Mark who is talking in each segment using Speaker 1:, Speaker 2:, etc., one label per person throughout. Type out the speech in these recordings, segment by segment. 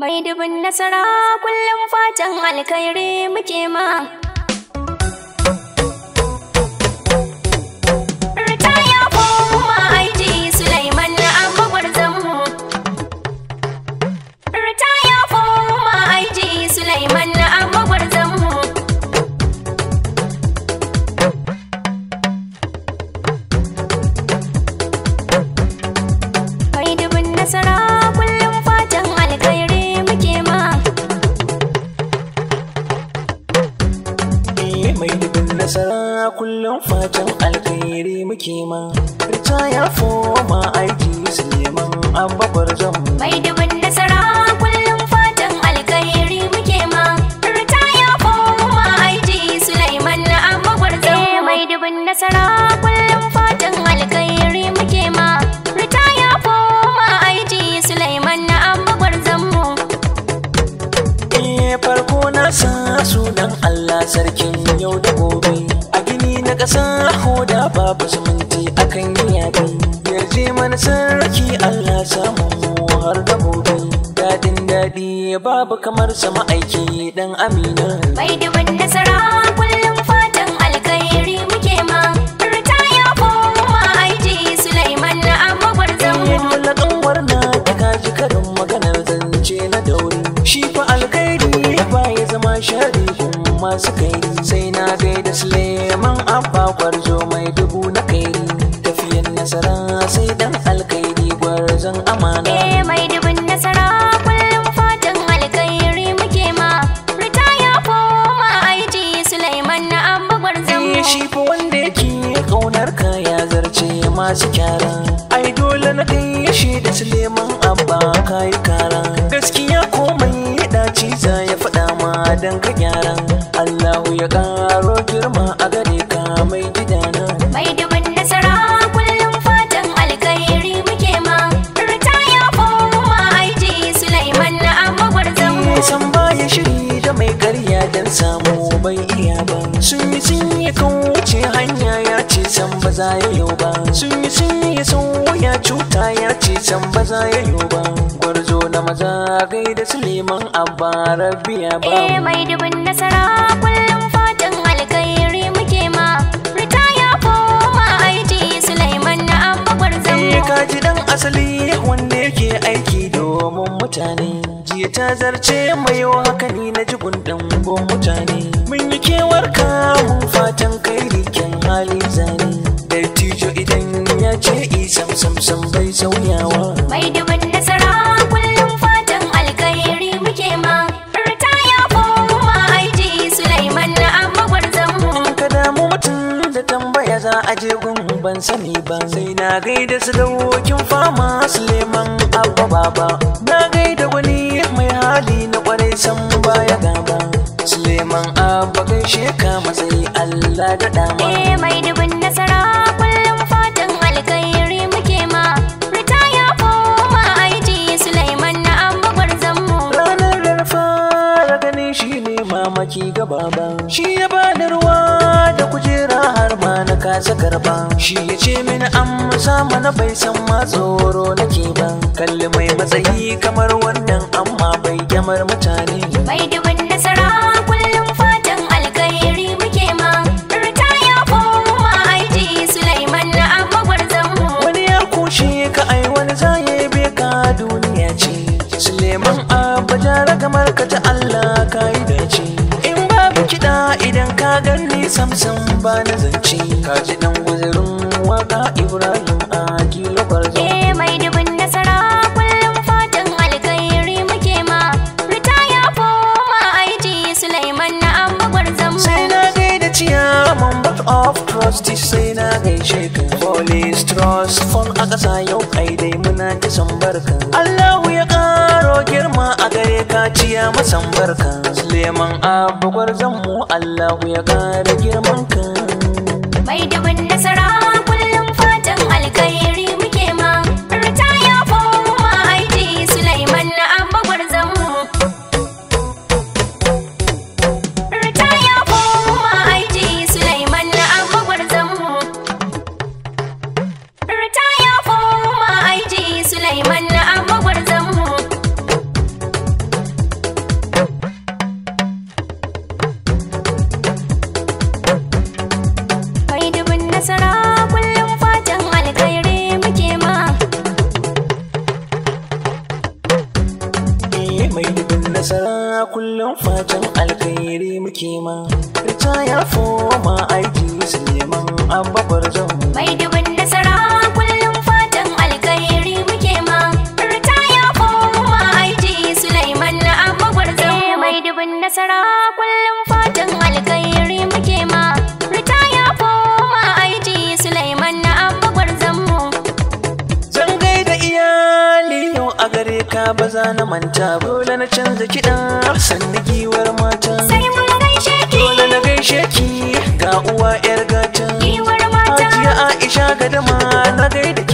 Speaker 1: Mai dubin nasara kullum fatan alkhairi muke ma.
Speaker 2: mai dubin nasara kullum fatan alkhairi muke ma ritaya foma aiki su abubuwar zan mai dubin nasara ko da babu zumunci akan yi yabi ya je mana sarki Allah samu har da gobe dadin dadi babu kamar sama aiki dan amina bai da
Speaker 1: nasara kullum
Speaker 2: wajen amana eh
Speaker 1: mai dubin nasara kullum fatan alkhairi muke ma ritaya ko ma aiki Sulaiman na abu gwarzan eh shi
Speaker 2: fa wanda yake kaunar ka ya zarce masu kyara ai dole na kai shi da Sulaiman abba kai kara gaskiya komai ya dace za ya faɗa ma dan ka gyara Allahu ya ƙara samu bai iya ba sun yi sun yi kan wuce hanya ya ce san ba za ya yau ba sun yi sun yi sun waya cuta ya ce san ba za ya yau ba gwarzo na maza gai da suleiman abba rabbiya ba eh
Speaker 1: mai dubin nasara kullum fatan alkhairi muke ma ritaya ko ma aiki suleiman na abba gwarzon eh ka
Speaker 2: ji dan asali wanda yake aiki domin mutane jiya ta zarce mai aje gun ban sani ba. sai na gaida su wokin fama Suleiman Abba Baba na gaida wani mai hali na kwarai san baya gaba Suleiman Abba gaishe sheka matsayi Allah da dama eh
Speaker 1: mai dubin nasara kullum fatan alkhairi muke ma ritaya ko ma aiji Suleiman na Abba gwarzan mu
Speaker 2: ranar da fara gani shine mamaki ga baba shi ya ce mini an musa mana bai san ma tsoro nake ban kalli mai matsayi kamar wannan amma bai gyamar mutane
Speaker 1: bai dubin nasara kullum fatan alkhairi muke ma ritaya kuma aiji sulaiman na magwarzan mu
Speaker 2: wani ya kushe ka ai wani zaye bai ka duniya ce suleiman abba jara kamar ka ta allah ka yi dace in babu kiɗa idan ka ganni samsam ba na zance ka ji dan chairman but of trustees sai na gaishe ka police trust fund a ƙasa yau ai dai muna kisan barka Allahu ya karo girma a gare ka ciya masan barka Suleiman Abu gwarzon mu Allahu ya ƙara girman ka
Speaker 1: Mai da nasara kullum fatan alkhairi
Speaker 2: kullum fatan alkhairi muke ma Ritaya fo foma aiki Suleiman Abba Barjan
Speaker 1: Mai dubin nasara kullum fatan alkhairi muke ma Ritaya fo foma aiki Suleiman Abba Barjan eh, Mai dubin nasara kullum fatan alkhairi muke ma Ritaya ya foma aiki Suleiman Abba
Speaker 2: Barjan Zan gaida iyali yau a gare kiɗa ba za na manta dole na canza kiɗa sanni giwar mata sai mun gaishe ki dole na gaishe ki ga uwa yar gata giwar mata hajiya aisha gadama na gaida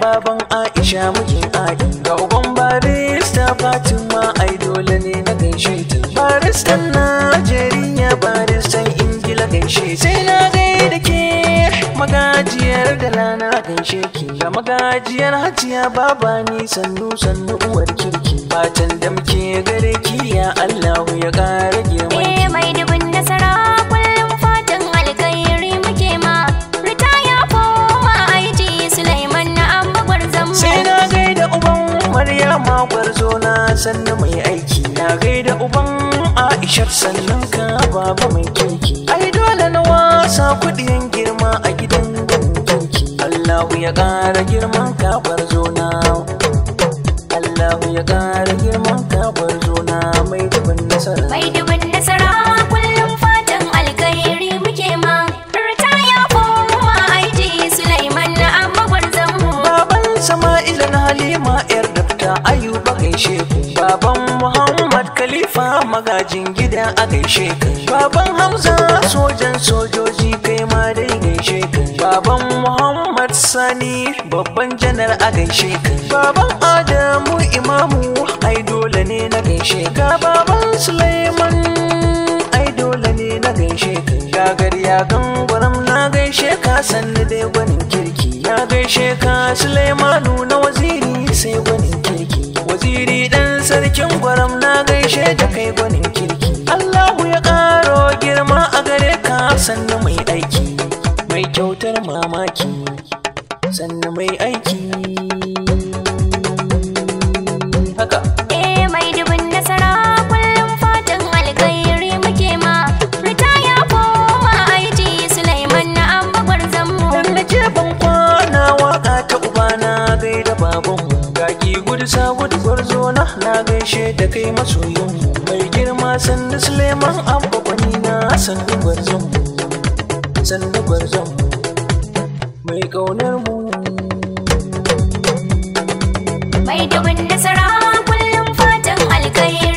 Speaker 2: baban aisha mijin adin ga uban barista fatima ai dole ne na gaishe ta baristan najeriya baristan ingila gaishe sai na gaida ke magajiyar da lana gaishe ki ga magajiyar hajiya baba ni sannu sannu uwar kirki fatan damke gare ki ya allahu ya kare girma sannu mai aiki na gaida uban aishar sannan ka baba mai kirki ai dole na wasa kuɗiyan girma a gidan danginki allahu ya ƙara girman ka bar zona allahu ya ƙara girman ka bar zona mai dubin
Speaker 1: nasara
Speaker 2: gaishe ka baban hamza sojan sojoji kai ma dai gaishe ka baban muhammad sani babban janar a gaishe ka baban adamu imamu ai dole ne na gaishe ka baban suleiman ai dole ne na gaishe ka gagar ya gangwaram na gaishe ka sanni dai gwanin kirki ya gaishe ka suleimanu na waziri sai gwanin kirki waziri dan sarkin gwaram na gaishe da kai gwanin kirki da ƙaro girma a gare ka sannu mai aiki mai kyautar mamaki sannu mai aiki haka
Speaker 1: eh mai dubin nasara kullum fatan alkhairi muke ma ritaya koma aiki Sulaiman na abba gwarzon mu dan
Speaker 2: nace na kwana waka ta ubana gaida babanmu gaki gudu sa gudu gwarzo na na gaishe da kai masoyin sannu suleiman abba kwanina sannu gwarzon mu sannu gwarzon mu mai kaunar mu mai dubin kullum fatan alkai